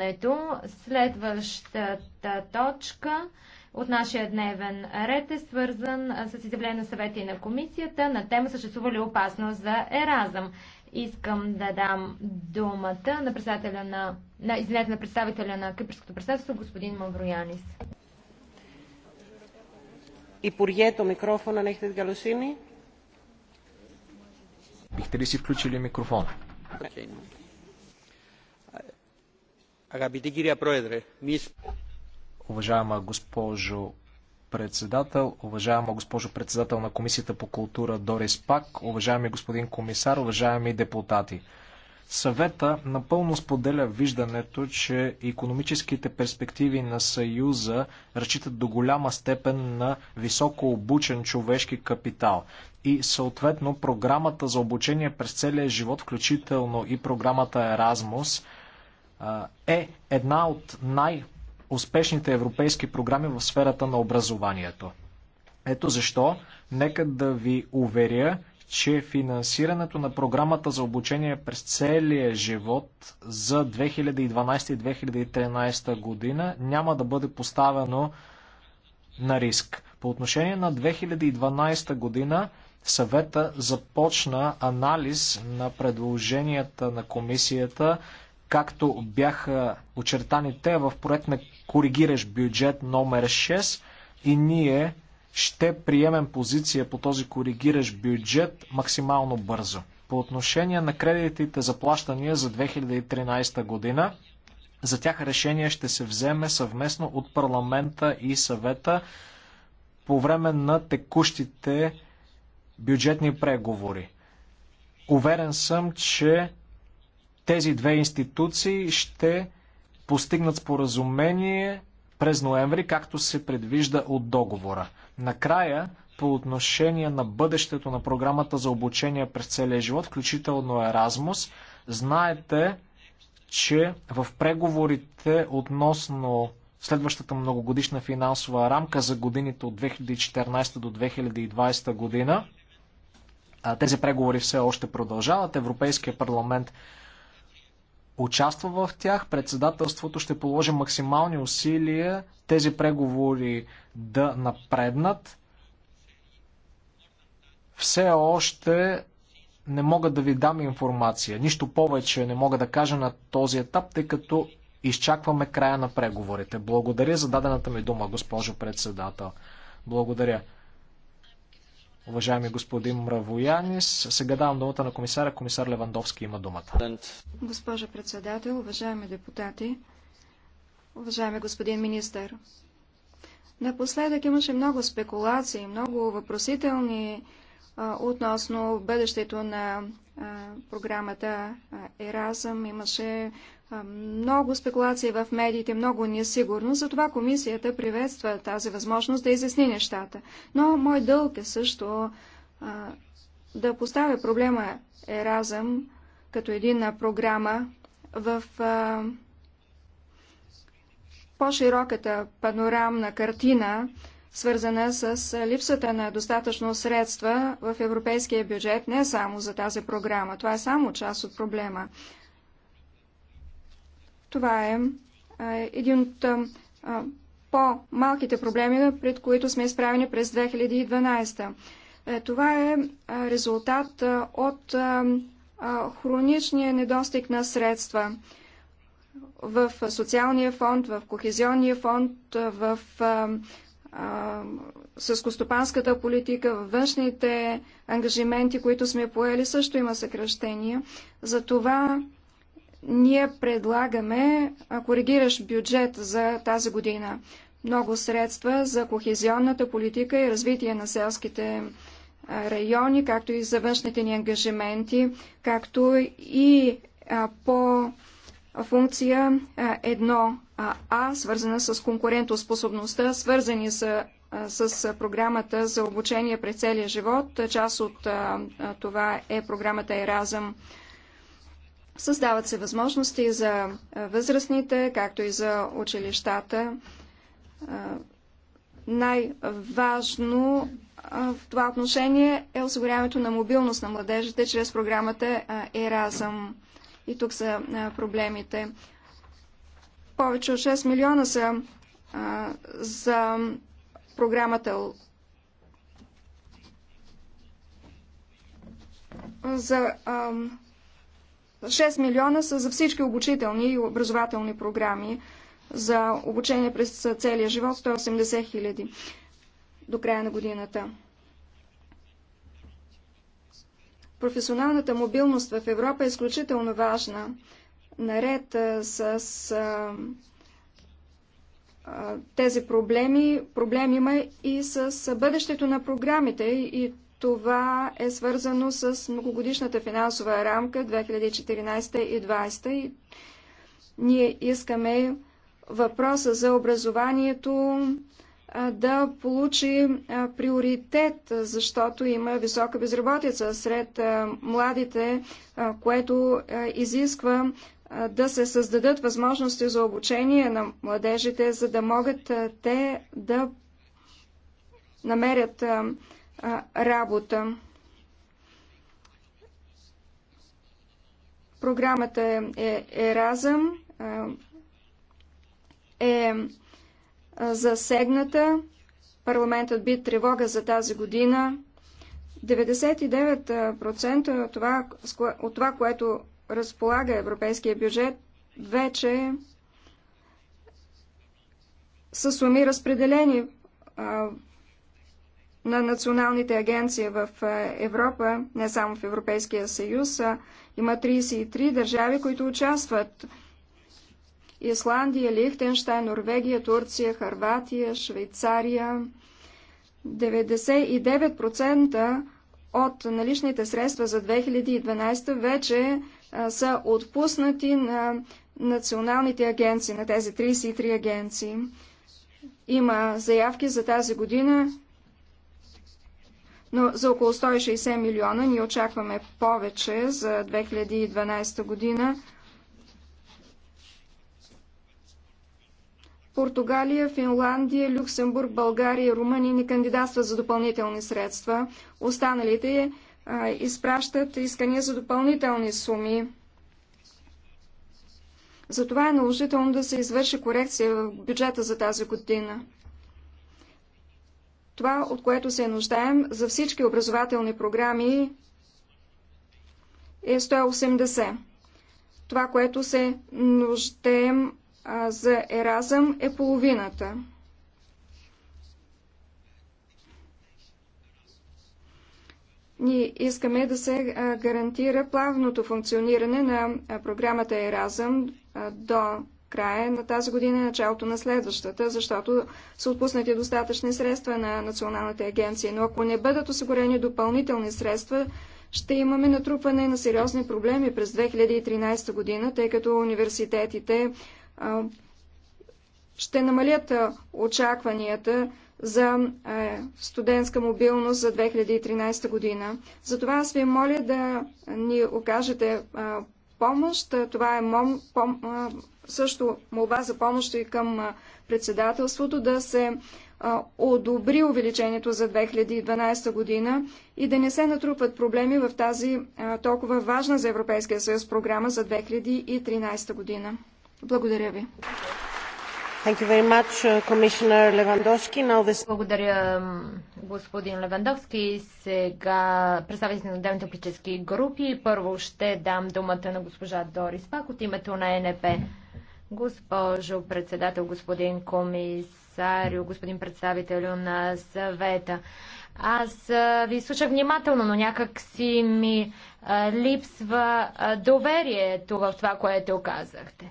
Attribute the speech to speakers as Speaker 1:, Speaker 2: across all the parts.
Speaker 1: гласуването. Следващата точка от нашия дневен ред е свързан с изявление на съвета и на комисията на тема съществува ли опасност за еразъм. Искам да дам думата на представителя на, на, извинете, на представителя на Кипрското председателство, господин Мавроянис.
Speaker 2: И порието микрофона нехте έχετε
Speaker 3: Бихте ли си включили микрофона? Okay. Уважаема госпожо председател, уважаема госпожо председател на Комисията по култура Дорис Пак, уважаеми господин комисар, уважаеми депутати. Съвета напълно споделя виждането, че економическите перспективи на Съюза разчитат до голяма степен на високо обучен човешки капитал. И съответно програмата за обучение през целия живот, включително и програмата Еразмус, е една от най-успешните европейски програми в сферата на образованието. Ето защо, нека да ви уверя, че финансирането на програмата за обучение през целия живот за 2012-2013 година няма да бъде поставено на риск. По отношение на 2012 година съвета започна анализ на предложенията на комисията както бяха очертани те в проект на коригираш бюджет номер 6 и ние ще приемем позиция по този коригираш бюджет максимално бързо. По отношение на кредитите за плащания за 2013 година, за тях решение ще се вземе съвместно от парламента и съвета по време на текущите бюджетни преговори. Уверен съм, че тези две институции ще постигнат споразумение през ноември, както се предвижда от договора. Накрая, по отношение на бъдещето на програмата за обучение през целия живот, включително Еразмус, знаете, че в преговорите относно следващата многогодишна финансова рамка за годините от 2014 до 2020 година, тези преговори все още продължават. Европейския парламент участва в тях. Председателството ще положи максимални усилия тези преговори да напреднат. Все още не мога да ви дам информация. Нищо повече не мога да кажа на този етап, тъй като изчакваме края на преговорите. Благодаря за дадената ми дума, госпожо председател. Благодаря уважаеми господин Мравоянис. Сега давам думата на комисара. Комисар Левандовски има думата.
Speaker 4: Госпожа председател, уважаеми депутати, уважаеми господин министър. Напоследък имаше много спекулации, много въпросителни а, относно бъдещето на а, програмата Еразъм. Имаше много спекулации в медиите, много несигурност, затова комисията приветства тази възможност да изясни нещата. Но мой дълг е също а, да поставя проблема Еразъм като една програма в а, по-широката панорамна картина, свързана с липсата на достатъчно средства в европейския бюджет, не само за тази програма. Това е само част от проблема. Това е един от по-малките проблеми, пред които сме изправени през 2012. Е, това е резултат от хроничния недостиг на средства в социалния фонд, в кохезионния фонд, в съскостопанската политика, във външните ангажименти, които сме поели, също има съкръщения. това ние предлагаме коригиращ бюджет за тази година. Много средства за кохезионната политика и развитие на селските райони, както и за външните ни ангажименти, както и по функция 1А, свързана с конкурентоспособността, свързани са с програмата за обучение през целия живот. Част от това е програмата Еразъм. Създават се възможности за възрастните, както и за училищата. Най-важно в това отношение е осигуряването на мобилност на младежите чрез програмата Еразъм. И тук са проблемите. Повече от 6 милиона са за програмата за 6 милиона са за всички обучителни и образователни програми за обучение през целия живот 180 хиляди до края на годината. Професионалната мобилност в Европа е изключително важна. Наред с тези проблеми, проблем има и с бъдещето на програмите и това е свързано с многогодишната финансова рамка 2014 и 2020. И ние искаме въпроса за образованието да получи приоритет, защото има висока безработица сред младите, което изисква да се създадат възможности за обучение на младежите, за да могат те да намерят работа. Програмата е, е Еразъм, е засегната. Парламентът би тревога за тази година. 99% от това, от това, което разполага европейския бюджет, вече са суми разпределени на националните агенции в Европа, не само в Европейския съюз. Има 33 държави, които участват. Исландия, Лихтенштайн, Норвегия, Турция, Харватия, Швейцария. 99% от наличните средства за 2012 вече са отпуснати на националните агенции, на тези 33 агенции. Има заявки за тази година но за около 160 милиона. Ние очакваме повече за 2012 година. Португалия, Финландия, Люксембург, България и Румъния не кандидатстват за допълнителни средства. Останалите а, изпращат искания за допълнителни суми. Затова е наложително да се извърши корекция в бюджета за тази година. Това, от което се нуждаем за всички образователни програми е 180. Това, което се нуждаем а, за Еразъм е половината. Ние искаме да се гарантира плавното функциониране на програмата Еразъм до края на тази година и началото на следващата, защото са отпуснати достатъчни средства на националните агенция. Но ако не бъдат осигурени допълнителни средства, ще имаме натрупване на сериозни проблеми през 2013 година, тъй като университетите ще намалят очакванията за студентска мобилност за 2013 година. Затова аз ви моля да ни окажете помощ. Това е мом, пом, също молба за помощ и към председателството да се одобри увеличението за 2012 година и да не се натрупват проблеми в тази толкова важна за Европейския съюз програма за 2013 година. Благодаря ви.
Speaker 1: Much, uh, Благодаря, господин Левандовски. Сега представите на отделните политически групи. Първо ще дам думата на госпожа Дорис Пак от името на НП. Госпожо председател, господин комисар, господин представител на съвета. Аз ви слушах внимателно, но някак си ми липсва доверието в това, което казахте.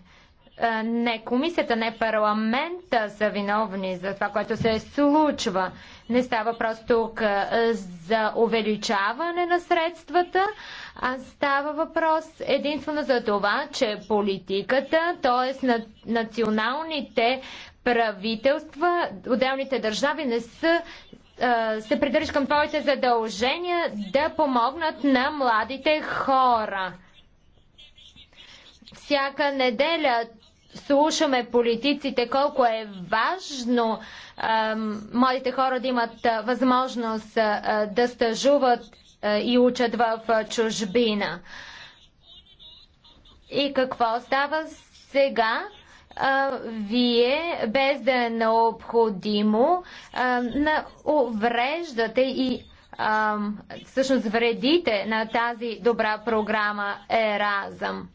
Speaker 1: Е, не комисията, не парламента са виновни за това, което се случва. Не става просто тук е, за увеличаване на средствата, а става въпрос единствено за това, че политиката, т.е. националните правителства, отделните държави не са е, се придържат към твоите задължения да помогнат на младите хора. Всяка неделя слушаме политиците колко е важно а, младите хора да имат възможност а, да стажуват а, и учат в чужбина. И какво става сега? вие, без да е необходимо, на, увреждате и всъщност вредите на тази добра програма Еразъм.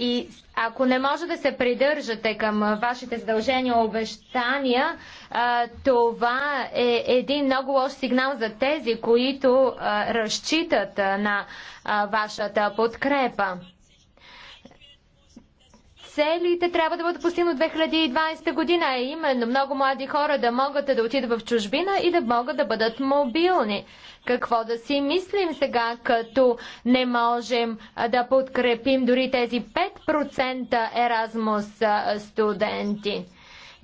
Speaker 1: И ако не може да се придържате към вашите задължения обещания, това е един много лош сигнал за тези, които разчитат на вашата подкрепа целите трябва да бъдат от 2020 година, а именно много млади хора да могат да отидат в чужбина и да могат да бъдат мобилни. Какво да си мислим сега, като не можем да подкрепим дори тези 5% Еразмус студенти?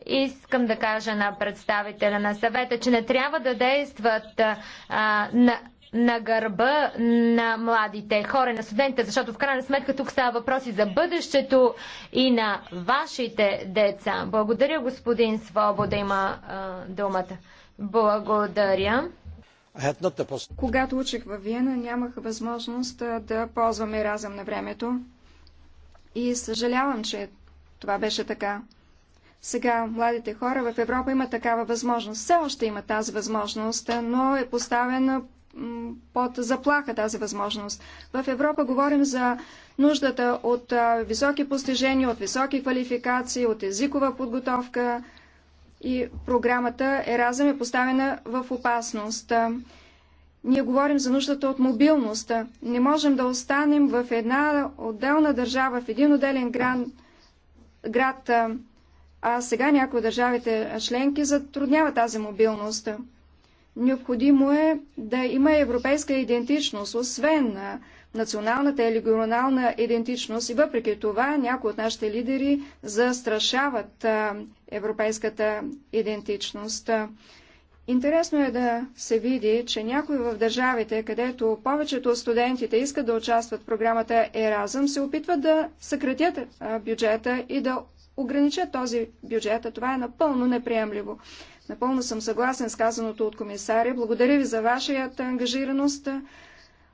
Speaker 1: Искам да кажа на представителя на съвета, че не трябва да действат а, на на гърба на младите хора, на студентите, защото в крайна сметка тук става въпроси за бъдещето и на вашите деца. Благодаря, господин Свобода, има а, думата. Благодаря. Когато учих във Виена, нямах възможност да
Speaker 4: ползваме разъм на времето. И съжалявам, че това беше така. Сега младите хора в Европа имат такава възможност. Все още имат тази възможност, но е поставена под заплаха тази възможност. В Европа говорим за нуждата от високи постижения, от високи квалификации, от езикова подготовка и програмата Еразъм е поставена в опасност. Ние говорим за нуждата от мобилност. Не можем да останем в една отделна държава, в един отделен гран, град. А сега някои държавите членки затрудняват тази мобилност. Необходимо е да има европейска идентичност, освен на националната или регионална идентичност. И въпреки това някои от нашите лидери застрашават европейската идентичност. Интересно е да се види, че някои в държавите, където повечето от студентите искат да участват в програмата Еразъм, се опитват да съкратят бюджета и да ограничат този бюджет. А това е напълно неприемливо. Напълно съм съгласен с казаното от комисаря. Благодаря ви за вашата ангажираност.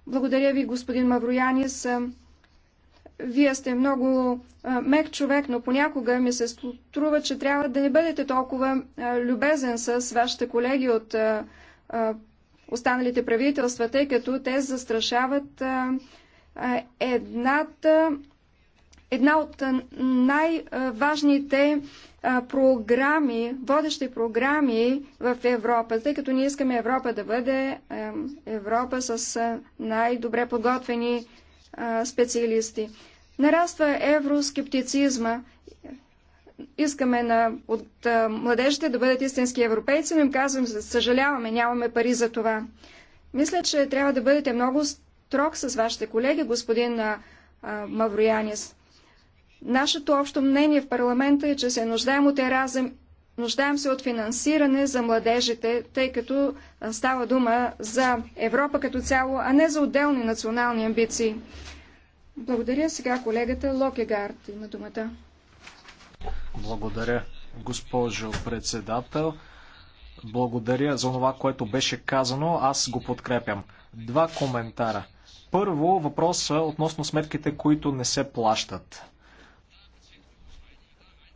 Speaker 4: Благодаря ви, господин Мавроянис. Вие сте много мек човек, но понякога ми се струва, че трябва да не бъдете толкова любезен с вашите колеги от останалите правителства, тъй като те застрашават едната една от най-важните програми, водещи програми в Европа, тъй като ние искаме Европа да бъде Европа с най-добре подготвени специалисти. Нараства евроскептицизма. Искаме на, от младежите да бъдат истински европейци, но им казвам, съжаляваме, нямаме пари за това. Мисля, че трябва да бъдете много строг с вашите колеги, господин Мавроянис. Нашето общо мнение в парламента е, че се нуждаем от еразъм, нуждаем се от финансиране за младежите, тъй като става дума за Европа като цяло, а не за отделни национални амбиции. Благодаря сега колегата Локегард. Има думата.
Speaker 3: Благодаря, госпожо председател. Благодаря за това, което беше казано. Аз го подкрепям. Два коментара. Първо, въпроса относно сметките, които не се плащат.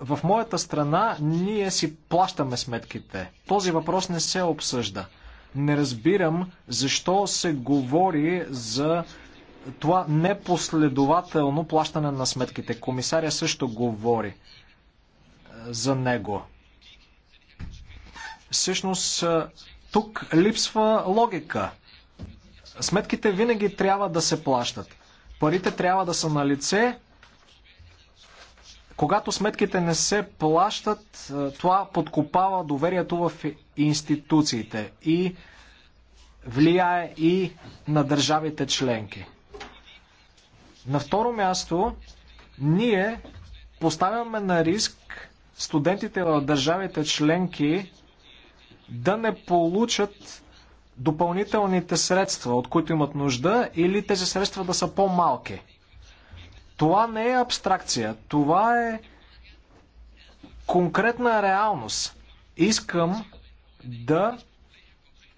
Speaker 3: В моята страна ние си плащаме сметките. Този въпрос не се обсъжда. Не разбирам защо се говори за това непоследователно плащане на сметките. Комисаря също говори е, за него. Всъщност, е, тук липсва логика. Сметките винаги трябва да се плащат. Парите трябва да са на лице когато сметките не се плащат, е, това подкопава доверието в институциите и влияе и на държавите членки. На второ място, ние поставяме на риск студентите в държавите членки да не получат допълнителните средства, от които имат нужда, или тези средства да са по-малки. Това не е абстракция, това е конкретна реалност. Искам да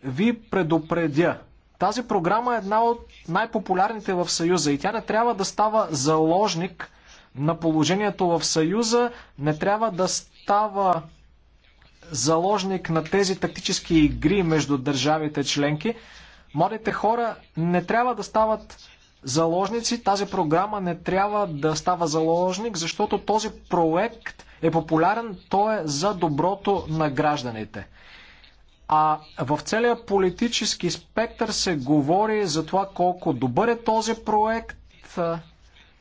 Speaker 3: ви предупредя. Тази програма е една от най-популярните в Съюза и тя не трябва да става заложник на положението в Съюза, не трябва да става заложник на тези тактически игри между държавите членки. Младите хора не трябва да стават заложници. Тази програма не трябва да става заложник, защото този проект е популярен, той е за доброто на гражданите. А в целия политически спектър се говори за това колко добър е този проект.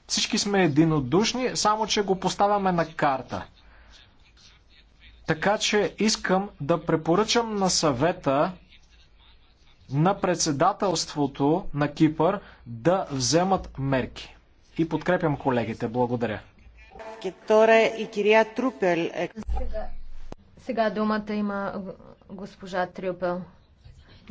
Speaker 3: Всички сме единодушни, само че го поставяме на карта. Така че искам да препоръчам на съвета на председателството на Кипър да вземат мерки. И подкрепям колегите. Благодаря.
Speaker 1: Сега, думата има госпожа Трюпел.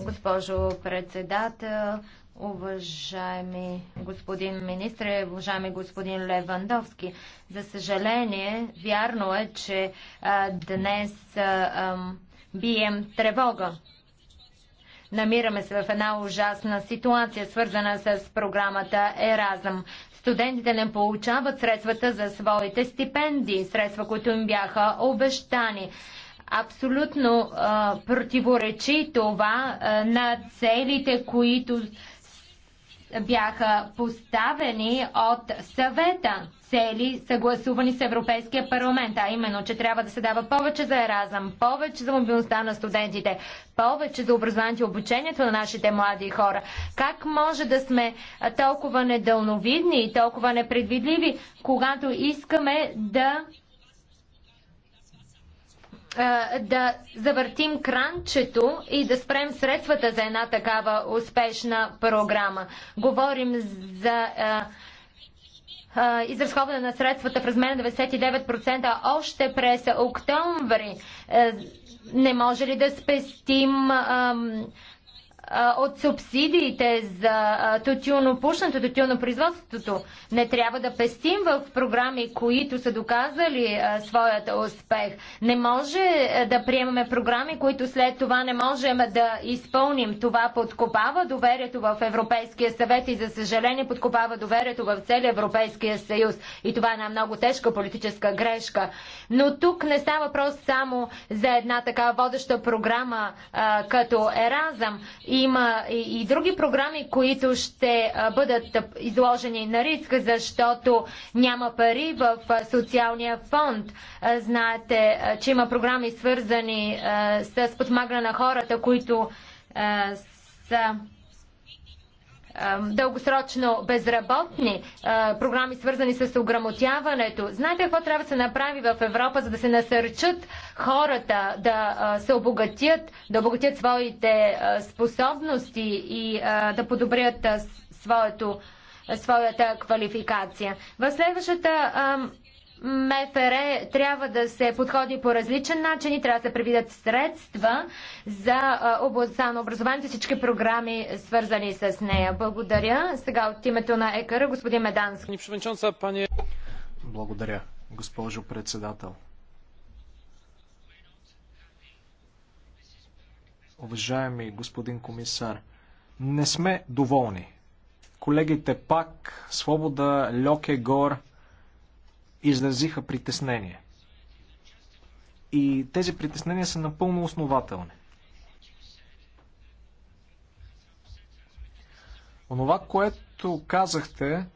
Speaker 1: Госпожо председател, уважаеми господин министр, уважаеми господин Левандовски. За съжаление, вярно е, че а, днес а, а, бием тревога Намираме се в една ужасна ситуация, свързана с програмата Еразъм. Студентите не получават средствата за своите стипендии, средства, които им бяха обещани. Абсолютно а, противоречи това а, на целите, които бяха поставени от съвета цели, съгласувани с Европейския парламент, а именно, че трябва да се дава повече за еразъм, повече за мобилността на студентите, повече за образованието и обучението на нашите млади хора. Как може да сме толкова недълновидни и толкова непредвидливи, когато искаме да да завъртим кранчето и да спрем средствата за една такава успешна програма. Говорим за изразходване на средствата в размер на 99% още през октомври. Не може ли да спестим от субсидиите за тютюнопушенето, тютюнопроизводството. Не трябва да пестим в програми, които са доказали своят успех. Не може да приемаме програми, които след това не можем да изпълним. Това подкопава доверието в Европейския съвет и за съжаление подкопава доверието в целия Европейския съюз. И това е една много тежка политическа грешка. Но тук не става въпрос само за една така водеща програма като Еразъм. Има и, и други програми, които ще бъдат изложени на риск, защото няма пари в социалния фонд. Знаете, че има програми свързани с подмагане на хората, които са дългосрочно безработни, програми свързани с ограмотяването. Знаете какво трябва да се направи в Европа, за да се насърчат хората да се обогатят, да обогатят своите способности и да подобрят своето, своята квалификация. В следващата МФР трябва да се подходи по различен начин и трябва да се предвидят средства за областта на образованието и всички програми, свързани с нея. Благодаря. Сега от името на ЕКР, господин Медански.
Speaker 3: Благодаря, госпожо председател. Уважаеми господин комисар, не сме доволни. Колегите Пак, Свобода, Гор – изразиха притеснение. И тези притеснения са напълно основателни. Онова, което казахте,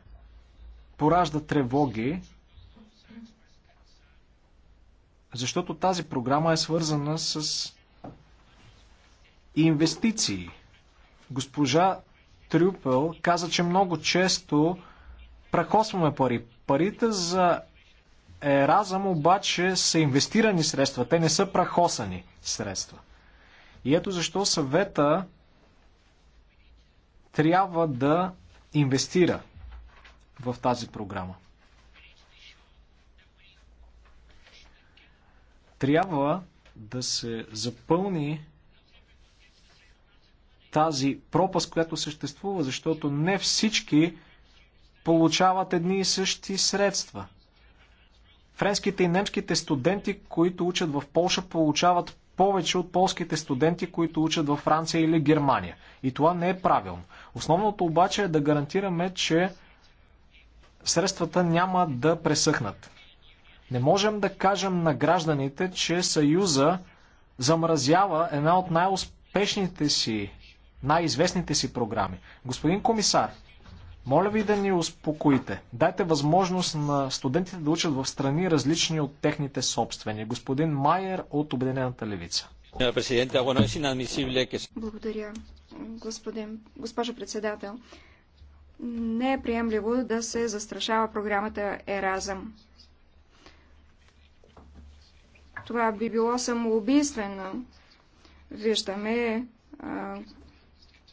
Speaker 3: поражда тревоги, защото тази програма е свързана с инвестиции. Госпожа Трюпел каза, че много често прахосваме пари. Парите за Еразъм обаче са инвестирани средства, те не са прахосани средства. И ето защо съвета трябва да инвестира в тази програма. Трябва да се запълни тази пропаст, която съществува, защото не всички получават едни и същи средства – Френските и немските студенти, които учат в Полша, получават повече от полските студенти, които учат във Франция или Германия. И това не е правилно. Основното обаче е да гарантираме, че средствата няма да пресъхнат. Не можем да кажем на гражданите, че Съюза замразява една от най-успешните си, най-известните си програми. Господин комисар, моля ви да ни успокоите. Дайте възможност на студентите да учат в страни различни от техните собствени. Господин Майер от Обединената левица.
Speaker 4: Благодаря, господин, госпожа председател. Не е приемливо да се застрашава програмата Еразъм. Това би било самоубийствено. Виждаме а,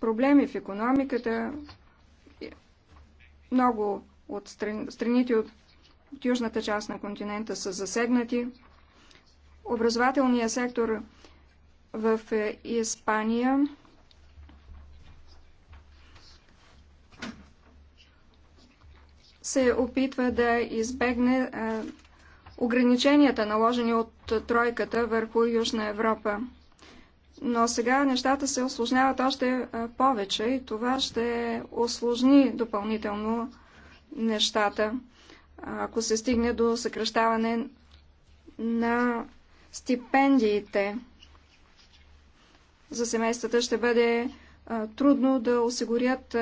Speaker 4: проблеми в економиката, много от стран... страните от... от южната част на континента са засегнати. Образователният сектор в е, Испания се опитва да избегне е, ограниченията, наложени от тройката върху Южна Европа. Но сега нещата се осложняват още повече и това ще осложни допълнително нещата, ако се стигне до съкръщаване на стипендиите. За семействата ще бъде трудно да осигурят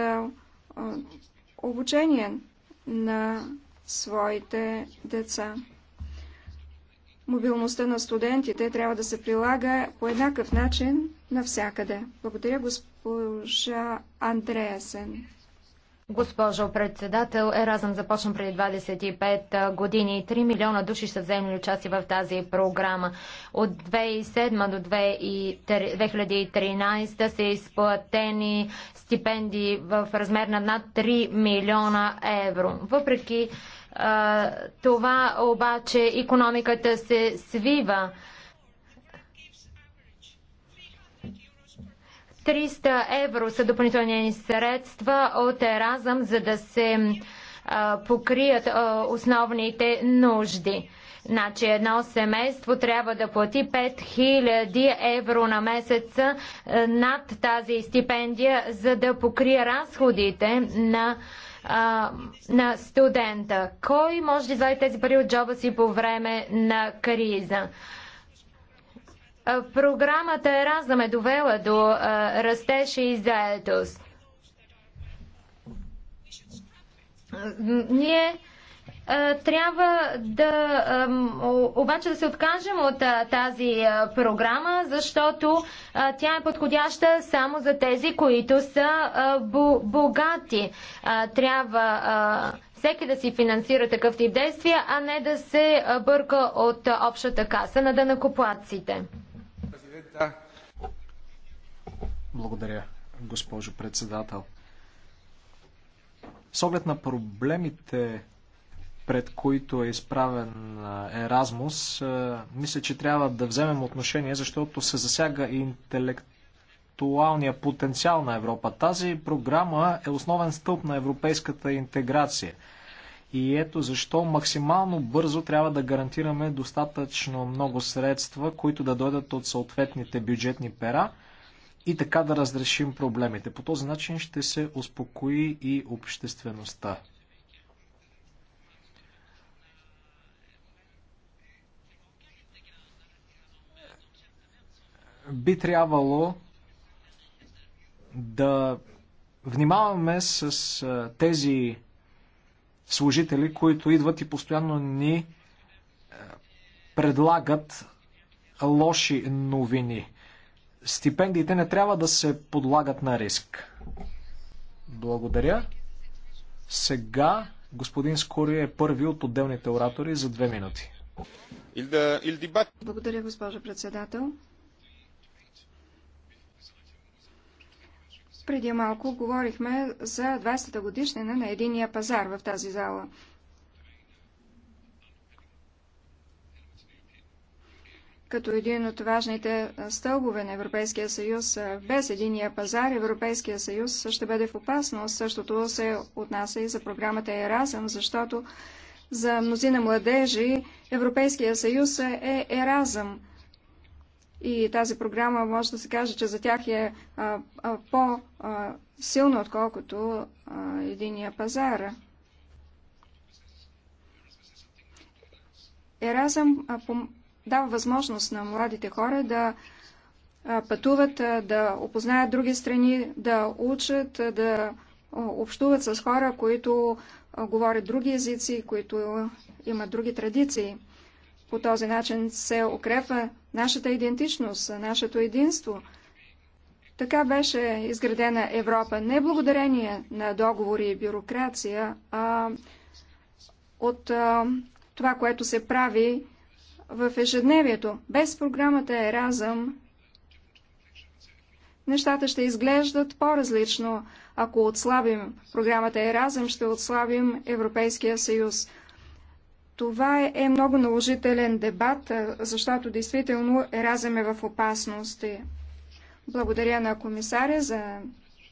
Speaker 4: обучение на своите деца мобилността на студентите трябва да се прилага по еднакъв начин навсякъде.
Speaker 1: Благодаря госпожа Андреасен. Госпожо председател, Еразъм започна преди 25 години. 3 милиона души са вземали участие в тази програма. От 2007 до 2013 са изплатени стипендии в размер на над 3 милиона евро. Въпреки това обаче економиката се свива. 300 евро са допълнителни средства от Еразъм, за да се покрият основните нужди. Значи едно семейство трябва да плати 5000 евро на месец над тази стипендия, за да покрие разходите на а, на студента. Кой може да извади тези пари от джоба си по време на криза? програмата Еразъм е довела до растеше растеж и заедост. Ние трябва да обаче да се откажем от тази програма, защото тя е подходяща само за тези, които са богати. Трябва всеки да си финансира такъв тип действия, а не да се бърка от общата каса на дънакоплаците.
Speaker 3: Благодаря, госпожо председател. С оглед на проблемите пред които е изправен Еразмус, мисля, че трябва да вземем отношение, защото се засяга и интелектуалния потенциал на Европа. Тази програма е основен стълб на европейската интеграция. И ето защо максимално бързо трябва да гарантираме достатъчно много средства, които да дойдат от съответните бюджетни пера и така да разрешим проблемите. По този начин ще се успокои и обществеността. би трябвало да внимаваме с тези служители, които идват и постоянно ни предлагат лоши новини. Стипендиите не трябва да се подлагат на риск. Благодаря. Сега господин Скори е първи от отделните оратори за две минути. Э,
Speaker 4: Благодаря, госпожо председател. Преди малко говорихме за 20-та годишнина на единия пазар в тази зала. Като един от важните стълбове на Европейския съюз, без единия пазар Европейския съюз ще бъде в опасност. Същото се отнася и за програмата Еразъм, защото за мнозина младежи Европейския съюз е Еразъм – и тази програма може да се каже, че за тях е по-силна, отколкото единия пазар. Еразъм дава възможност на младите хора да пътуват, да опознаят други страни, да учат, да общуват с хора, които говорят други езици, които имат други традиции. По този начин се укрепва нашата идентичност, нашето единство. Така беше изградена Европа не благодарение на договори и бюрокрация, а от а, това, което се прави в ежедневието. Без програмата Еразъм нещата ще изглеждат по-различно. Ако отслабим програмата Еразъм, ще отслабим Европейския съюз. Това е много наложителен дебат, защото действително Еразъм е в опасности. Благодаря на комисаря за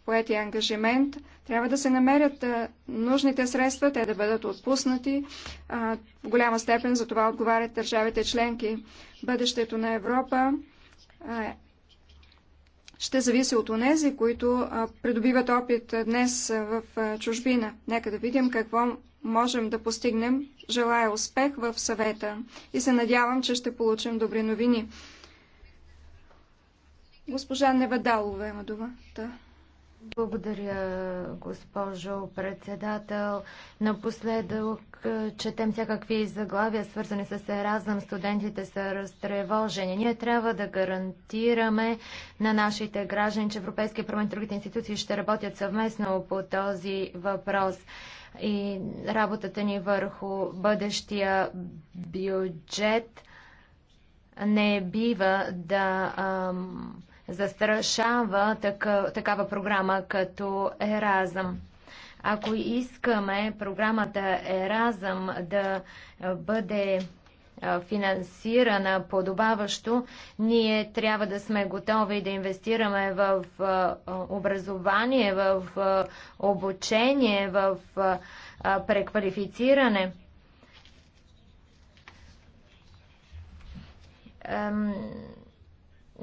Speaker 4: поети ангажимент. Трябва да се намерят нужните средства, те да бъдат отпуснати. В голяма степен за това отговарят държавите членки. Бъдещето на Европа ще зависи от онези, които придобиват опит днес в чужбина. Нека да видим какво можем да постигнем. Желая успех в съвета и се надявам, че ще получим
Speaker 1: добри новини.
Speaker 4: Госпожа Невадалова има
Speaker 1: думата. Благодаря, госпожо председател. Напоследък е, четем всякакви заглавия, свързани с Еразъм. Студентите са разтревожени. Ние трябва да гарантираме на нашите граждани, че Европейския парламент и другите институции ще работят съвместно по този въпрос и работата ни върху бъдещия бюджет не бива да ам, застрашава така, такава програма като Еразъм. Ако искаме програмата Еразъм да бъде финансирана подобаващо, ние трябва да сме готови да инвестираме в образование, в обучение, в преквалифициране. Um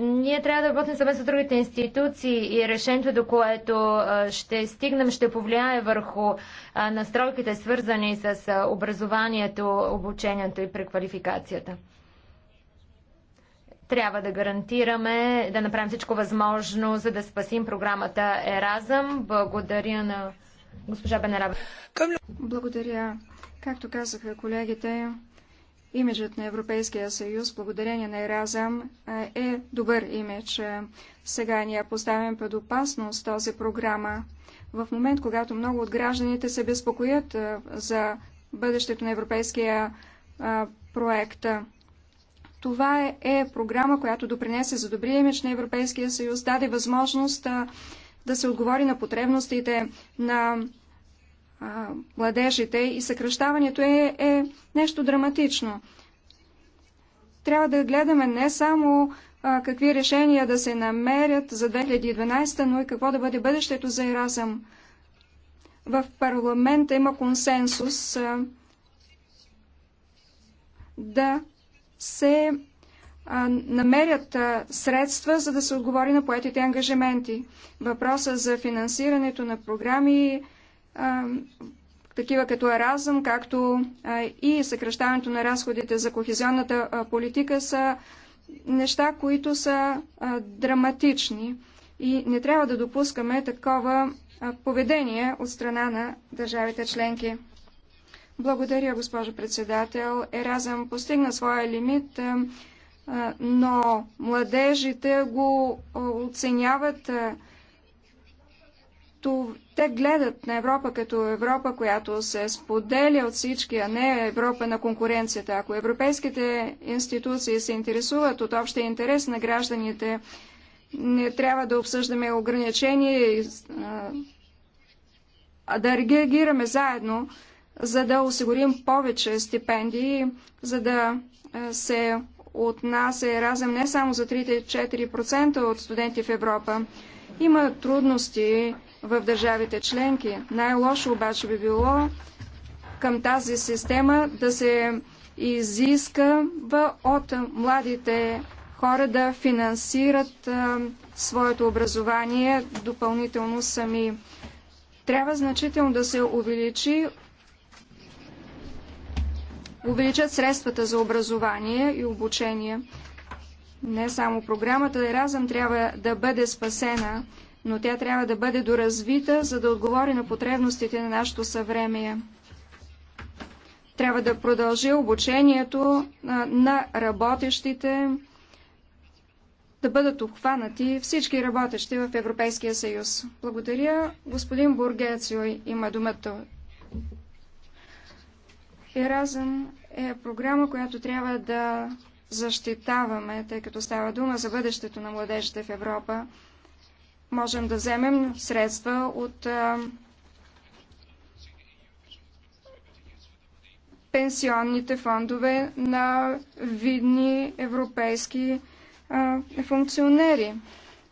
Speaker 1: ние трябва да работим съвместно с другите институции и решението, до което ще стигнем, ще повлияе върху настройките, свързани с образованието, обучението и преквалификацията. Трябва да гарантираме, да направим всичко възможно, за да спасим програмата Еразъм. Благодаря на госпожа Бенераба.
Speaker 4: Благодаря. Както казаха колегите, Имиджът на Европейския съюз, благодарение на Еразъм, е добър имидж. Сега ние поставяме под опасност тази програма. В момент, когато много от гражданите се безпокоят за бъдещето на Европейския проект, това е, е програма, която допринесе за добрия имидж на Европейския съюз, даде възможност да се отговори на потребностите на а, младежите и съкръщаването е, е нещо драматично. Трябва да гледаме не само а, какви решения да се намерят за 2012, но и какво да бъде бъдещето за Еразъм. В парламента има консенсус а, да се намерят средства, за да се отговори на поетите ангажименти. Въпроса за финансирането на програми, такива като Еразъм, както и съкръщаването на разходите за кохезионната политика са неща, които са драматични и не трябва да допускаме такова поведение от страна на държавите членки. Благодаря, госпожо председател. Еразъм постигна своя лимит, но младежите го оценяват те гледат на Европа като Европа, която се споделя от всички, а не Европа на конкуренцията. Ако европейските институции се интересуват от общия интерес на гражданите, не трябва да обсъждаме ограничения, а да реагираме заедно, за да осигурим повече стипендии, за да се отнася разъм не само за 3-4% от студенти в Европа. Има трудности в държавите членки. Най-лошо обаче би било към тази система да се изиска от младите хора да финансират своето образование допълнително сами. Трябва значително да се увеличи увеличат средствата за образование и обучение. Не само програмата Еразъм трябва да бъде спасена но тя трябва да бъде доразвита, за да отговори на потребностите на нашето съвремие. Трябва да продължи обучението на работещите, да бъдат обхванати всички работещи в Европейския съюз. Благодаря. Господин Бургецио има думата. Еразъм е програма, която трябва да защитаваме, тъй като става дума за бъдещето на младежите в Европа можем да вземем средства от пенсионните фондове на видни европейски функционери.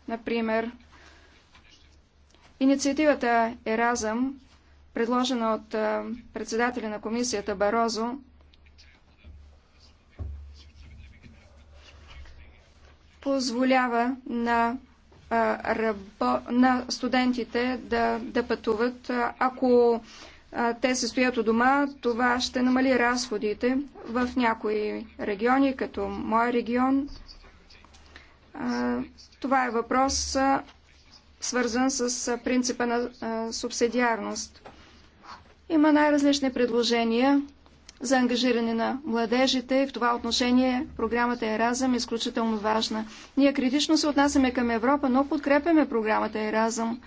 Speaker 4: Например, инициативата Еразъм, предложена от председателя на комисията Барозо, позволява на на студентите да, да пътуват. Ако те се стоят у дома, това ще намали разходите в някои региони, като мой регион. Това е въпрос свързан с принципа на субсидиарност. Има най-различни предложения за ангажиране на младежите. В това отношение програмата Еразъм е изключително важна. Ние критично се отнасяме към Европа, но подкрепяме програмата Еразъм.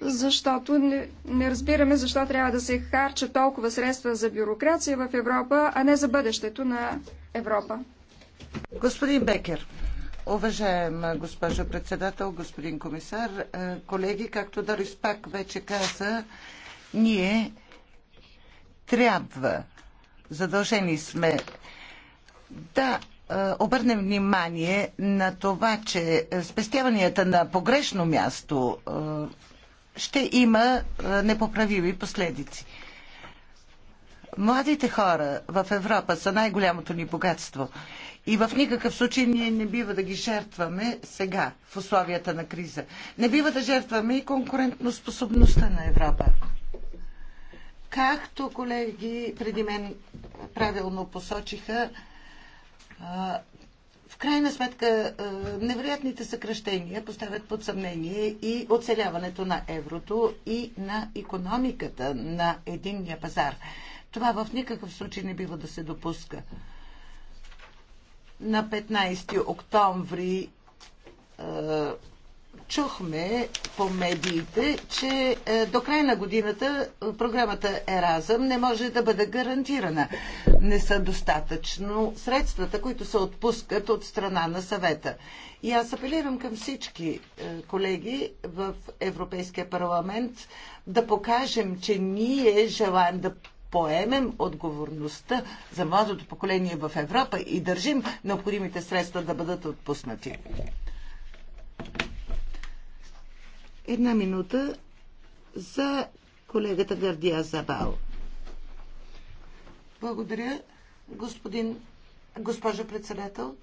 Speaker 4: защото не, не разбираме защо трябва да се харчат толкова средства за бюрокрация в Европа, а не за бъдещето на Европа.
Speaker 2: Господин Бекер. Уважаема госпожо председател, господин комисар, е, колеги, както Дорис Пак вече каза, ние трябва, задължени сме да е, обърнем внимание на това, че спестяванията на погрешно място е, ще има непоправими последици. Младите хора в Европа са най-голямото ни богатство и в никакъв случай ние не бива да ги жертваме сега, в условията на криза. Не бива да жертваме и конкурентоспособността на Европа. Както колеги преди мен правилно посочиха, в крайна сметка невероятните съкръщения поставят под съмнение и оцеляването на еврото и на економиката на единния пазар. Това в никакъв случай не бива да се допуска. На 15 октомври е, чухме по медиите, че е, до края на годината е, програмата Еразъм не може да бъде гарантирана. Не са достатъчно средствата, които се отпускат от страна на съвета. И аз апелирам към всички колеги в Европейския парламент да покажем, че ние желаем да поемем отговорността за младото поколение в Европа и държим необходимите средства да бъдат отпуснати. Една минута за колегата Гардия Забал. Благодаря, господин, госпожо председател.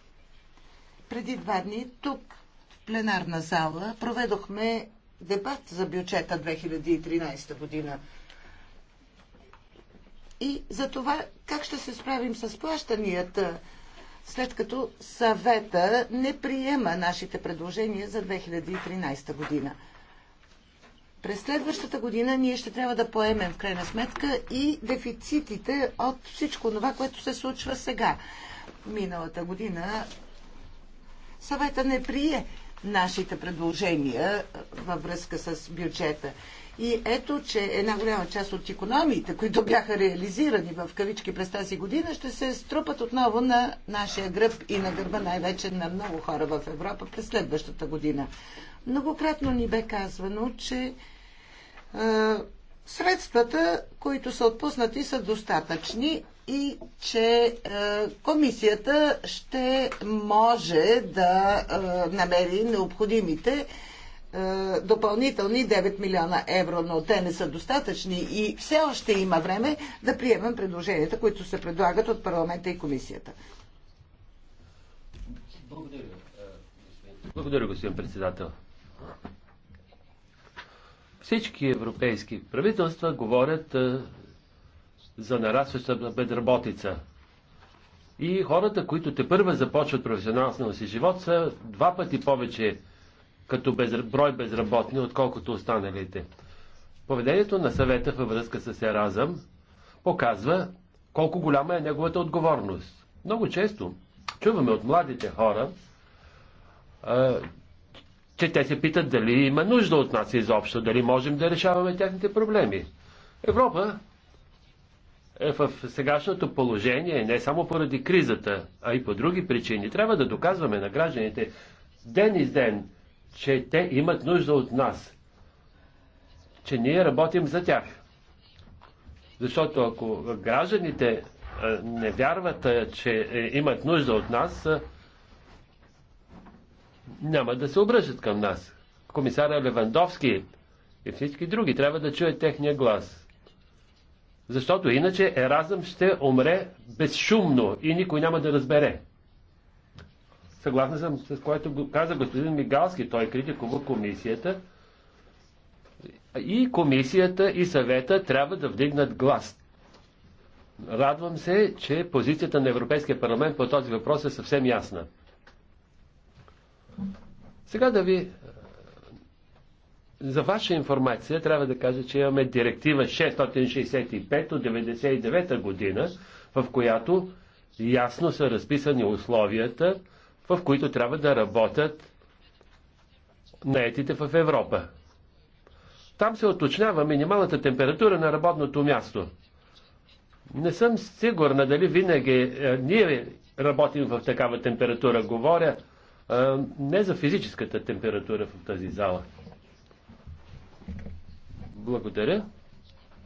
Speaker 2: Преди два дни тук, в пленарна зала, проведохме дебат за бюджета 2013 година и за това как ще се справим с плащанията, след като съвета не приема нашите предложения за 2013 година. През следващата година ние ще трябва да поемем в крайна сметка и дефицитите от всичко това, което се случва сега. Миналата година съвета не прие нашите предложения във връзка с бюджета. И ето, че една голяма част от економиите, които бяха реализирани в кавички през тази година, ще се струпат отново на нашия гръб и на гърба най-вече на много хора в Европа през следващата година. Многократно ни бе казвано, че е, средствата, които са отпуснати, са достатъчни и че е, комисията ще може да е, намери необходимите е, допълнителни 9 милиона евро, но те не са достатъчни и все още има време да приемем предложенията, които се предлагат от парламента и комисията.
Speaker 5: Благодаря, господин, Благодаря, господин председател. Всички европейски правителства говорят е, за нарастваща безработица. И хората, които те първа започват професионалния си живот, са два пъти повече като без, брой безработни, отколкото останалите. Поведението на съвета във връзка с Еразъм показва колко голяма е неговата отговорност. Много често чуваме от младите хора, а, че те се питат дали има нужда от нас изобщо, дали можем да решаваме техните проблеми. Европа е в сегашното положение не само поради кризата, а и по други причини. Трябва да доказваме на гражданите ден из ден, че те имат нужда от нас, че ние работим за тях. Защото ако гражданите е, не вярват, е, че е, имат нужда от нас, няма да се обръщат към нас. Комисаря Левандовски и всички други трябва да чуят техния глас. Защото иначе Еразъм ще умре безшумно и никой няма да разбере. Съгласен съм с което каза господин Мигалски. Той критикува комисията. И комисията, и съвета трябва да вдигнат глас. Радвам се, че позицията на Европейския парламент по този въпрос е съвсем ясна. Сега да ви. За ваша информация трябва да кажа, че имаме директива 665 от 1999 година, в която ясно са разписани условията, в които трябва да работят наетите в Европа. Там се оточнява минималната температура на работното място. Не съм сигурна дали винаги е, ние работим в такава температура. Говоря е, не за физическата температура в тази зала. Благодаря.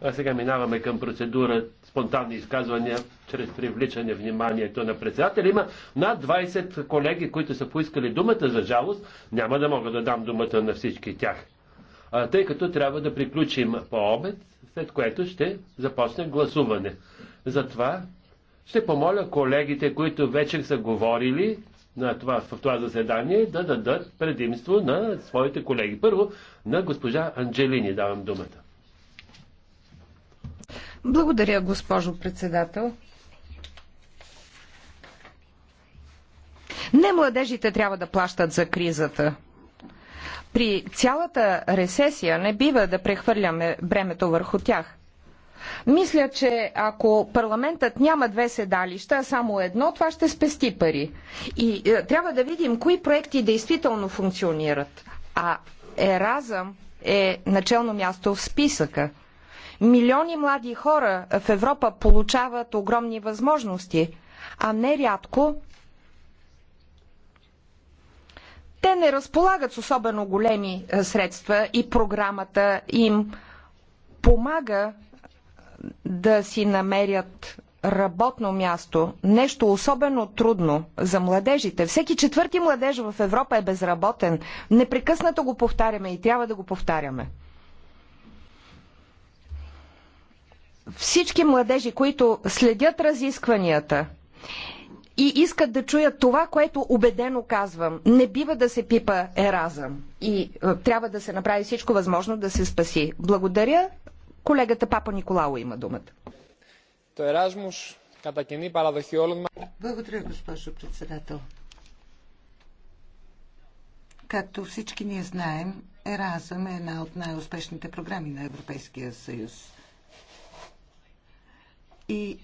Speaker 5: А сега минаваме към процедура спонтанни изказвания чрез привличане вниманието на председател. Има над 20 колеги, които са поискали думата за жалост. Няма да мога да дам думата на всички тях. А, тъй като трябва да приключим по обед, след което ще започне гласуване. Затова ще помоля колегите, които вече са говорили на това, в това заседание, да дадат предимство на своите колеги. Първо на госпожа Анджелини давам думата.
Speaker 6: Благодаря, госпожо председател. Не младежите трябва да плащат за кризата. При цялата ресесия не бива да прехвърляме бремето върху тях. Мисля, че ако парламентът няма две седалища, а само едно, това ще спести пари. И е, трябва да видим кои проекти действително функционират. А Еразъм е начално място в списъка. Милиони млади хора в Европа получават огромни възможности, а нерядко те не разполагат с особено големи е, средства и програмата им помага е, да си намерят работно място, нещо особено трудно за младежите. Всеки четвърти младеж в Европа е безработен. Непрекъснато го повтаряме и трябва да го повтаряме. всички младежи, които следят разискванията и искат да чуят това, което убедено казвам. Не бива да се пипа еразъм и е, трябва да се направи всичко възможно да се спаси. Благодаря. Колегата Папа Николао има думата.
Speaker 3: То е Размуш, παραδοχή όλων μας. Благодаря, госпожо председател.
Speaker 2: Както всички ние знаем, Еразъм е една от най-успешните програми на Европейския съюз. И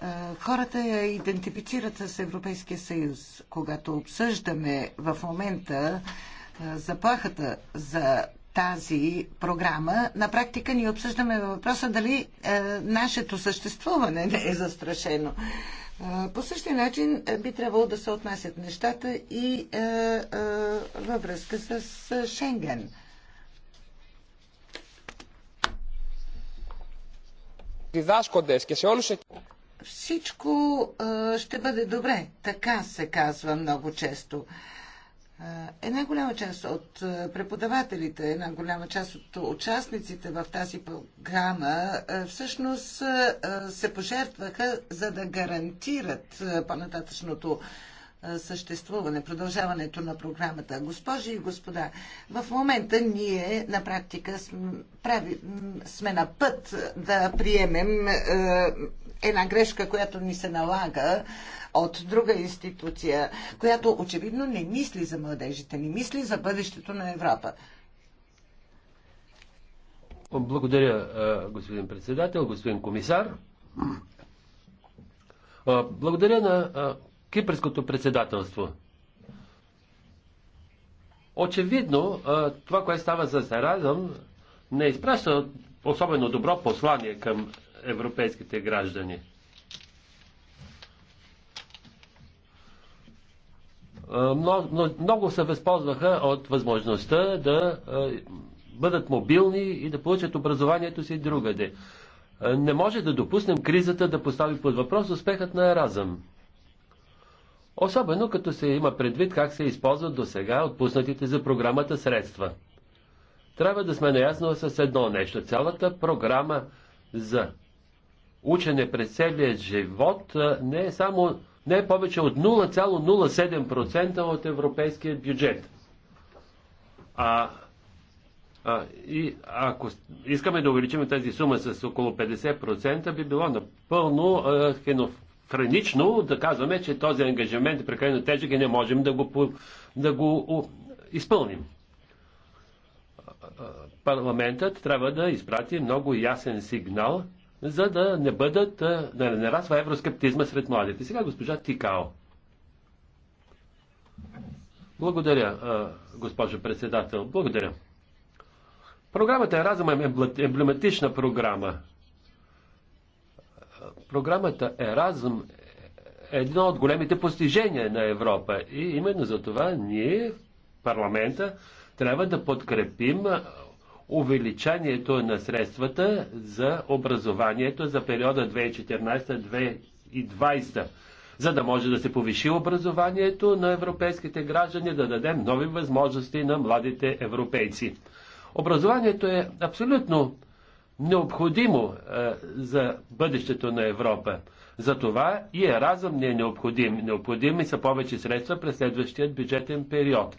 Speaker 2: а, хората я идентифицират с Европейския съюз. Когато обсъждаме в момента а, заплахата за тази програма, на практика ни обсъждаме въпроса дали а, нашето съществуване не е застрашено. по същия начин би трябвало да се отнасят нещата и е, е, във връзка с Шенген.
Speaker 3: διδάσκοντες και σε όλους
Speaker 2: Всичко ще бъде добре. Така се казва много често. Една голяма част от преподавателите, една голяма част от участниците в тази програма всъщност се пожертваха за да гарантират по-нататъчното съществуване, продължаването на програмата. Госпожи и господа, в момента ние на практика прави, сме на път да приемем една грешка, която ни се налага от друга институция, която очевидно не мисли за младежите, не мисли за бъдещето на Европа.
Speaker 5: Благодаря, господин председател, господин комисар. Благодаря на кипърското председателство. Очевидно, това, което става за заразъм, не изпраща особено добро послание към европейските граждани. Много, много се възползваха от възможността да бъдат мобилни и да получат образованието си другаде. Не може да допуснем кризата да постави под въпрос успехът на Еразъм. Особено като се има предвид как се използват до сега отпуснатите за програмата средства. Трябва да сме наясно с едно нещо. Цялата програма за учене през целия живот не е само не е повече от 0,07% от европейския бюджет. А, а, и ако искаме да увеличим тази сума с около 50%, би било напълно а, странично да казваме, че този ангажимент е прекалено тежък и не можем да го, да го изпълним. Парламентът трябва да изпрати много ясен сигнал, за да не бъдат, да не нарасва евроскептизма сред младите. Сега госпожа Тикао. Благодаря, госпожо председател. Благодаря. Програмата Еразъм е емблематична програма програмата Еразъм е едно от големите постижения на Европа. И именно за това ние, парламента, трябва да подкрепим увеличението на средствата за образованието за периода 2014-2020, за да може да се повиши образованието на европейските граждани, да дадем нови възможности на младите европейци. Образованието е абсолютно необходимо е, за бъдещето на Европа. Затова и Еразъм не е необходим. Необходими са повече средства през следващия бюджетен период.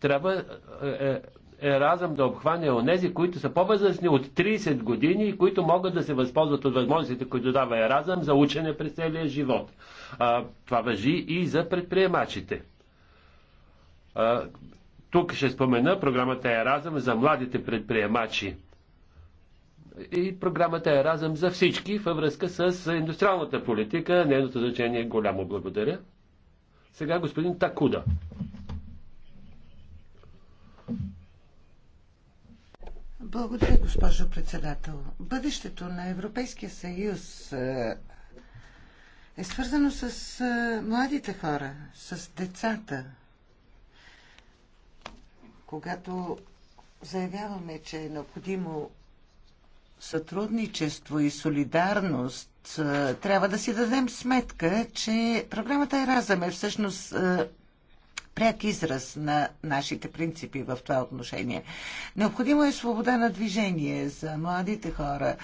Speaker 5: Трябва е, Еразъм е да обхване тези, които са по-възрастни от 30 години и които могат да се възползват от възможностите, които дава Еразъм за учене през целия живот. А, това въжи и за предприемачите. А, тук ще спомена програмата Еразъм за младите предприемачи и програмата Еразъм за всички във връзка с индустриалната политика. Нейното значение е голямо. Благодаря. Сега господин Такуда.
Speaker 2: Благодаря, госпожо председател. Бъдещето на Европейския съюз е, е свързано с е, младите хора, с децата, когато заявяваме, че е необходимо сътрудничество и солидарност, трябва да си дадем сметка, че програмата Еразъм е всъщност пряк израз на нашите принципи в това отношение. Необходимо е свобода на движение за младите хора,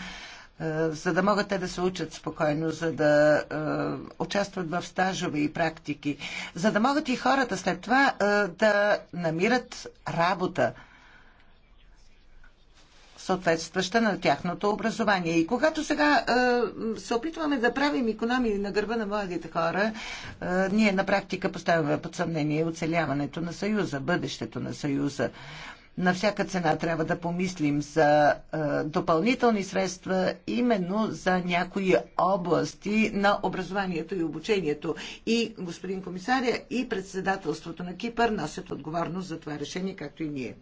Speaker 2: е, за да могат те да се учат спокойно, за да е, участват в стажове и практики, за да могат и хората след това е, да намират работа съответстваща на тяхното образование. И когато сега е, се опитваме да правим економии на гърба на младите хора, е, ние на практика поставяме под съмнение оцеляването на Съюза, бъдещето на Съюза на всяка цена трябва да помислим за е, допълнителни средства именно за някои области на образованието и обучението. И господин комисаря и председателството на Кипър носят отговорност за това решение, както и ние.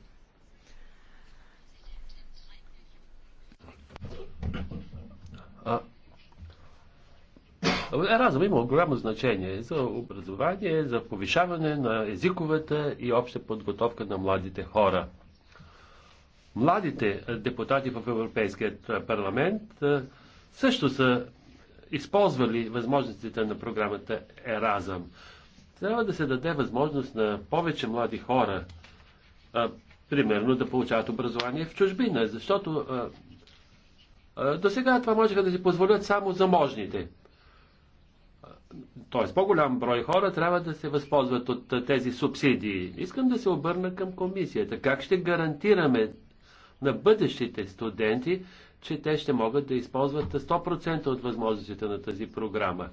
Speaker 5: Е, разум има огромно значение за образование, за повишаване на езиковата и обща подготовка на младите хора. Младите е, депутати в Европейският е, парламент е, също са използвали възможностите на програмата Еразъм. Трябва да се даде възможност на повече млади хора, а, примерно, да получават образование в чужбина, защото а, а, до сега това можеха да си позволят само заможните. Тоест, по-голям брой хора трябва да се възползват от тези субсидии. Искам да се обърна към комисията. Как ще гарантираме на бъдещите студенти, че те ще могат да използват 100% от възможностите на тази програма.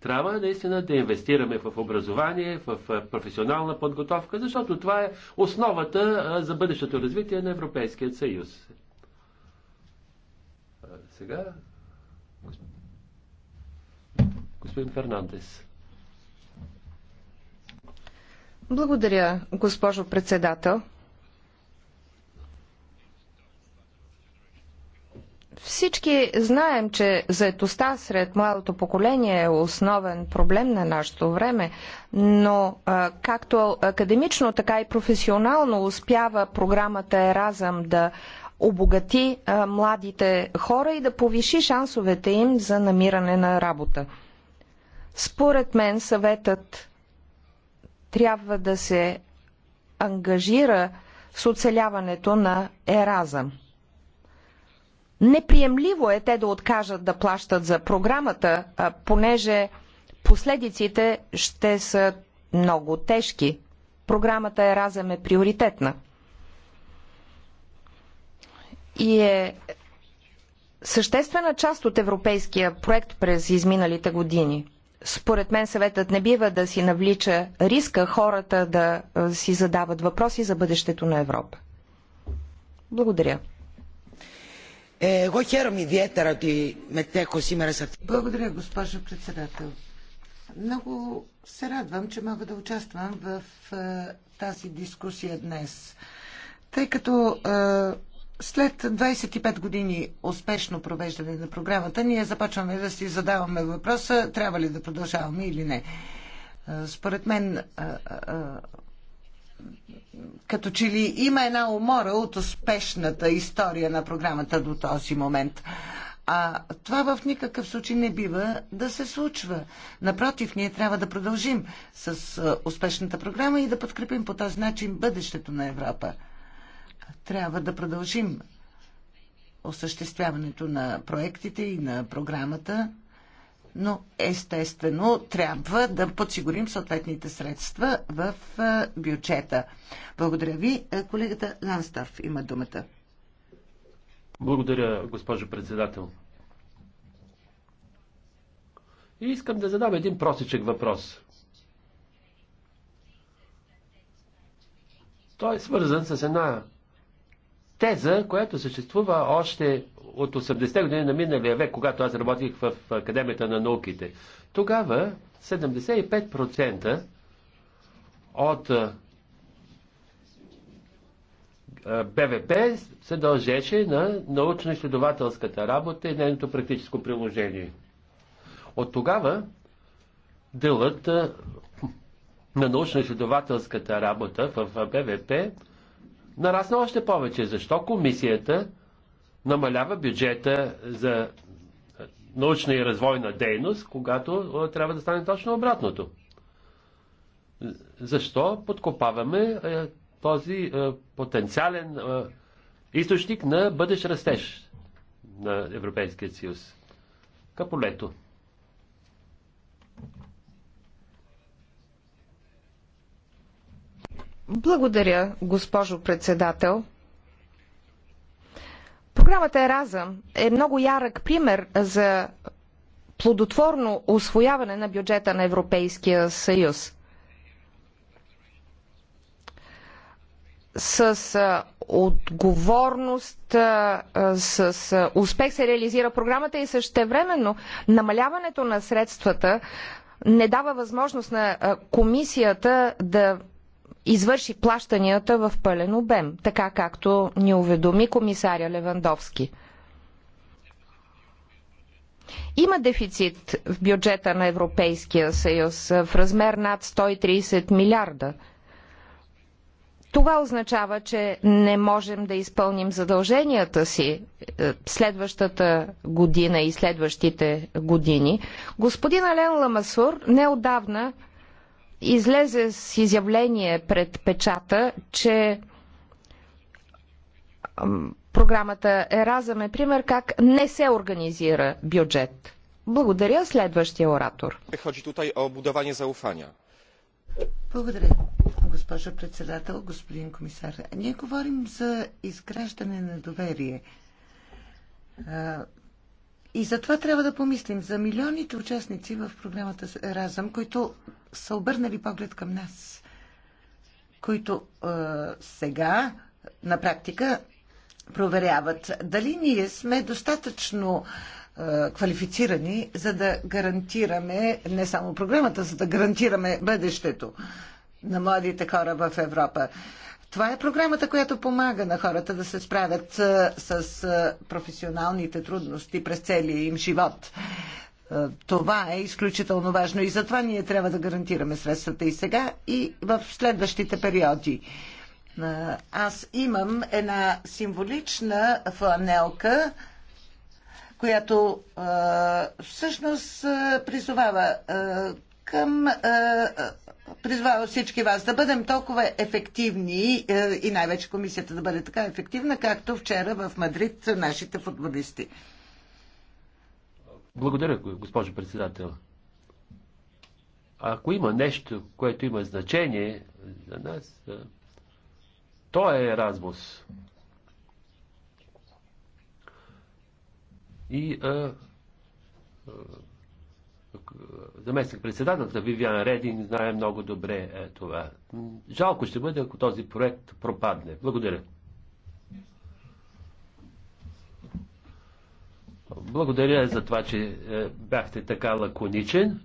Speaker 5: Трябва наистина да инвестираме в образование, в професионална подготовка, защото това е основата за бъдещото развитие на Европейския съюз. Сега господин Фернандес.
Speaker 6: Благодаря, госпожо председател. Всички знаем, че заетостта сред младото поколение е основен проблем на нашето време, но както академично, така и професионално успява програмата Еразъм да обогати младите хора и да повиши шансовете им за намиране на работа. Според мен съветът трябва да се ангажира с оцеляването на Еразъм. Неприемливо е те да откажат да плащат за програмата, понеже последиците ще са много тежки. Програмата е разъм е приоритетна. И е съществена част от европейския проект през изминалите години. Според мен съветът не бива да си навлича риска хората да си задават въпроси за бъдещето на Европа.
Speaker 2: Благодаря. Е, εγώ χαίρομαι ιδιαίτερα ότι μετέχω σήμερα σε Благодаря, госпожо председател. Много се радвам, че мога да участвам в е, тази дискусия днес. Тъй като е, след 25 години успешно провеждане на програмата, ние започваме да си задаваме въпроса, трябва ли да продължаваме или не. Според мен като че ли има една умора от успешната история на програмата до този момент. А това в никакъв случай не бива да се случва. Напротив, ние трябва да продължим с успешната програма и да подкрепим по този начин бъдещето на Европа. Трябва да продължим осъществяването на проектите и на програмата но естествено трябва да подсигурим съответните средства в бюджета. Благодаря ви. Колегата Ланстав има думата.
Speaker 5: Благодаря, госпожо председател. И искам да задам един простичък въпрос. Той е свързан с една теза, която съществува още от 80-те години на миналия век, когато аз работих в Академията на науките. Тогава 75% от БВП се дължеше на научно-изследователската работа и нейното практическо приложение. От тогава делът на научно-изследователската работа в БВП нарасна още повече. Защо комисията намалява бюджета за научна и развойна дейност, когато трябва да стане точно обратното. Защо подкопаваме този потенциален източник на бъдещ растеж на Европейския съюз? Каполето.
Speaker 6: Благодаря, госпожо председател. Програмата Еразъм е много ярък пример за плодотворно освояване на бюджета на Европейския съюз. С отговорност, с успех се реализира програмата и същевременно намаляването на средствата не дава възможност на комисията да извърши плащанията в пълен обем, така както ни уведоми комисаря Левандовски. Има дефицит в бюджета на Европейския съюз в размер над 130 милиарда. Това означава, че не можем да изпълним задълженията си е, следващата година и следващите години. Господин Ален Ламасур неодавна излезе с изявление пред печата, че програмата Еразъм е пример как не се организира бюджет.
Speaker 2: Благодаря следващия оратор.
Speaker 3: Ходи тутай о будование зауфания.
Speaker 2: Благодаря, госпожо председател, господин комисар. Ние говорим за изграждане на доверие. И затова трябва да помислим за милионите участници в програмата Разъм, които са обърнали поглед към нас, които е, сега на практика проверяват дали ние сме достатъчно е, квалифицирани, за да гарантираме не само програмата, за да гарантираме бъдещето на младите хора в Европа. Това е програмата, която помага на хората да се справят с професионалните трудности през целия им живот. Това е изключително важно и затова ние трябва да гарантираме средствата и сега, и в следващите периоди. Аз имам една символична фланелка, която всъщност призовава към призвава всички вас да бъдем толкова ефективни е, и най-вече комисията да бъде така ефективна, както вчера в Мадрид нашите футболисти.
Speaker 5: Благодаря, госпожо председател. Ако има нещо, което има значение за нас, е, то е Еразмус. И а, е, а, е, заместник за Вивиан Редин знае много добре е, това. Жалко ще бъде, ако този проект пропадне. Благодаря. Благодаря за това, че е, бяхте така лаконичен.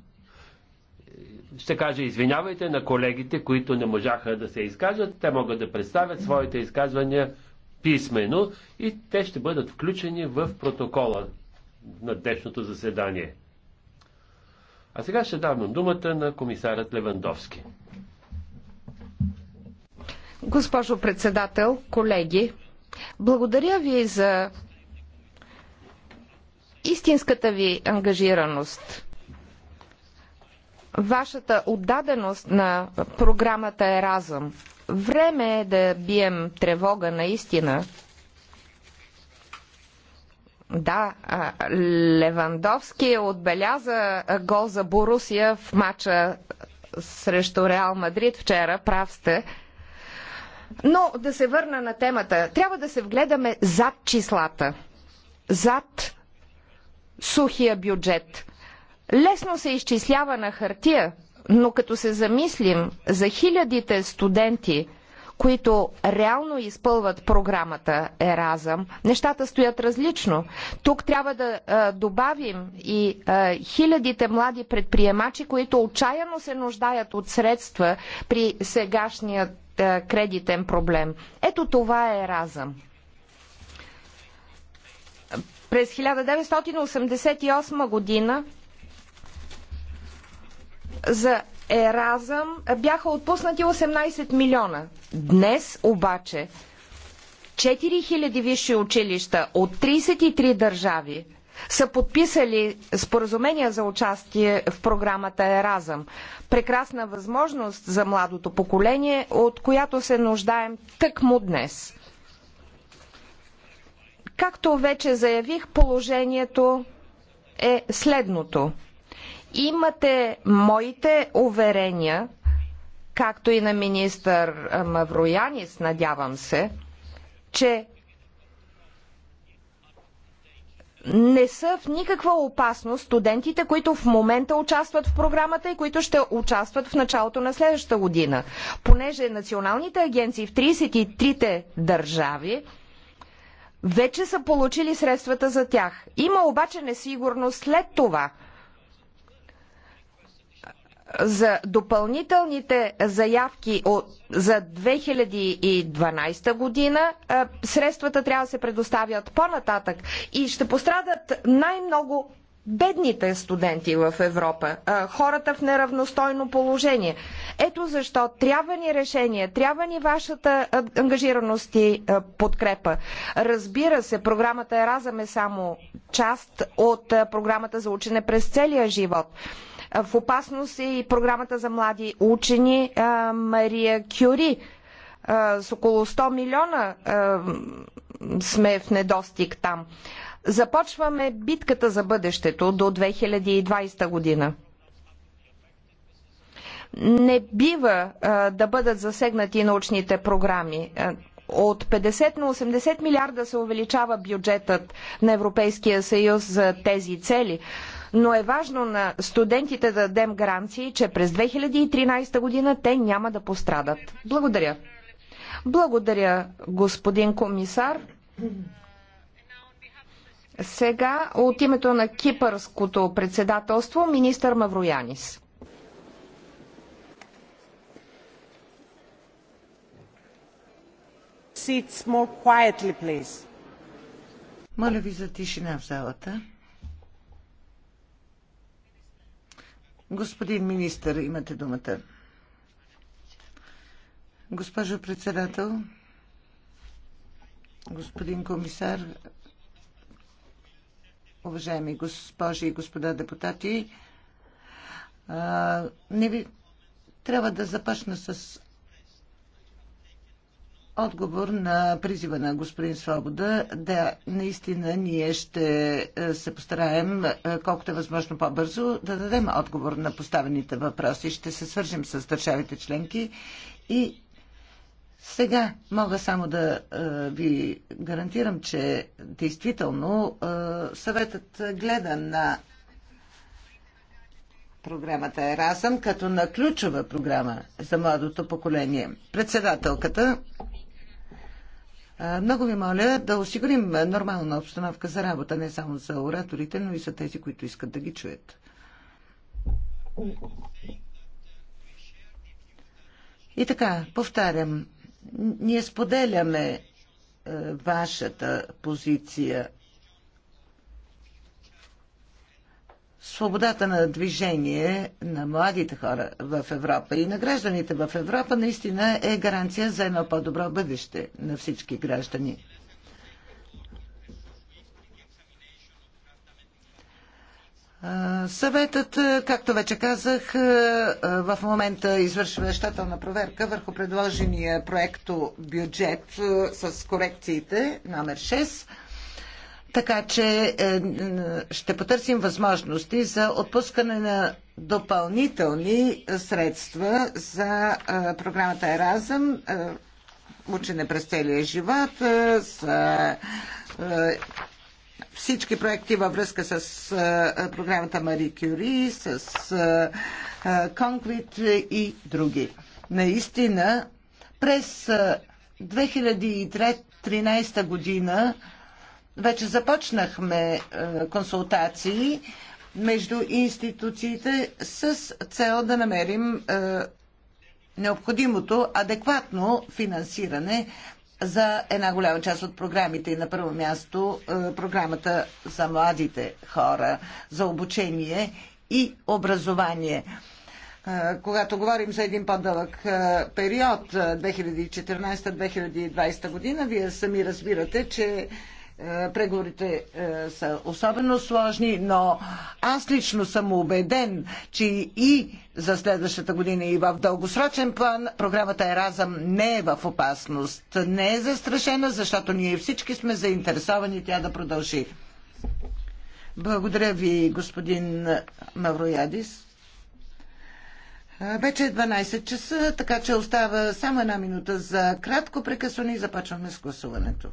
Speaker 5: Ще кажа извинявайте на колегите, които не можаха да се изкажат. Те могат да представят своите изказвания писменно и те ще бъдат включени в протокола на днешното заседание. А сега ще давам думата на комисарът Левандовски.
Speaker 6: Госпожо председател, колеги, благодаря ви за истинската ви ангажираност, вашата отдаденост на програмата Еразъм. Време е да бием тревога наистина да, Левандовски отбеляза гол за Борусия в матча срещу Реал Мадрид вчера, прав сте. Но да се върна на темата. Трябва да се вгледаме зад числата, зад сухия бюджет. Лесно се изчислява на хартия, но като се замислим за хилядите студенти, които реално изпълват програмата Еразъм, нещата стоят различно. Тук трябва да а, добавим и а, хилядите млади предприемачи, които отчаяно се нуждаят от средства при сегашният а, кредитен проблем. Ето това е Еразъм. През 1988 година за Еразъм бяха отпуснати 18 милиона. Днес обаче 4000 висши училища от 33 държави са подписали споразумения за участие в програмата Еразъм. Прекрасна възможност за младото поколение, от която се нуждаем тъкмо днес. Както вече заявих, положението е следното. Имате моите уверения, както и на министър Мавроянис, надявам се, че не са в никаква опасност студентите, които в момента участват в програмата и които ще участват в началото на следващата година. Понеже националните агенции в 33-те държави вече са получили средствата за тях. Има обаче несигурност след това – за допълнителните заявки за 2012 година средствата трябва да се предоставят по-нататък и ще пострадат най-много бедните студенти в Европа, хората в неравностойно положение. Ето защо трябва ни решение, трябва ни вашата ангажираност и подкрепа. Разбира се, програмата Еразъм е само част от програмата за учене през целия живот. В опасност е и програмата за млади учени Мария Кюри. С около 100 милиона сме в недостиг там. Започваме битката за бъдещето до 2020 година не бива да бъдат засегнати научните програми. От 50 на 80 милиарда се увеличава бюджетът на Европейския съюз за тези цели но е важно на студентите да дадем гаранции, че през 2013 година те няма да пострадат. Благодаря. Благодаря, господин комисар. Сега от името на Кипърското председателство министър Мавроянис.
Speaker 2: Quietly, Моля ви за тишина в залата. Господин министър, имате думата. Госпожо председател, господин комисар, уважаеми госпожи и господа депутати, не ви трябва да започна с отговор на призива на господин Свобода. Да, наистина ние ще е, се постараем е, колкото е възможно по-бързо да дадем отговор на поставените въпроси. Ще се свържим с държавите членки и сега мога само да е, ви гарантирам, че действително съветът гледа на програмата Ерасъм като на ключова програма за младото поколение. Председателката много ви моля да осигурим нормална обстановка за работа, не само за ораторите, но и за тези, които искат да ги чуят. И така, повтарям, ние споделяме е, вашата позиция свободата на движение на младите хора в Европа и на гражданите в Европа наистина е гаранция за едно по-добро бъдеще на всички граждани. Съветът, както вече казах, в момента извършва щателна проверка върху предложения проекто бюджет с корекциите номер 6. Така че е, е, ще потърсим възможности за отпускане на допълнителни е, средства за програмата Еразъм, учене през целия живот, за всички проекти във връзка с програмата Мари Кюри, с Конквит и други. Наистина, през 2013 година вече започнахме е, консултации между институциите с цел да намерим е, необходимото адекватно финансиране за една голяма част от програмите и на първо място е, програмата за младите хора, за обучение и образование. Когато говорим за един по-дълъг период 2014-2020 година, вие сами разбирате, че е, преговорите е, са особено сложни, но аз лично съм убеден, че и за следващата година и в дългосрочен план програмата Еразъм не е в опасност, не е застрашена, защото ние всички сме заинтересовани тя да продължи. Благодаря ви, господин Мавроядис. Вече е 12 часа, така че остава само една минута за кратко прекъсване и започваме с гласуването.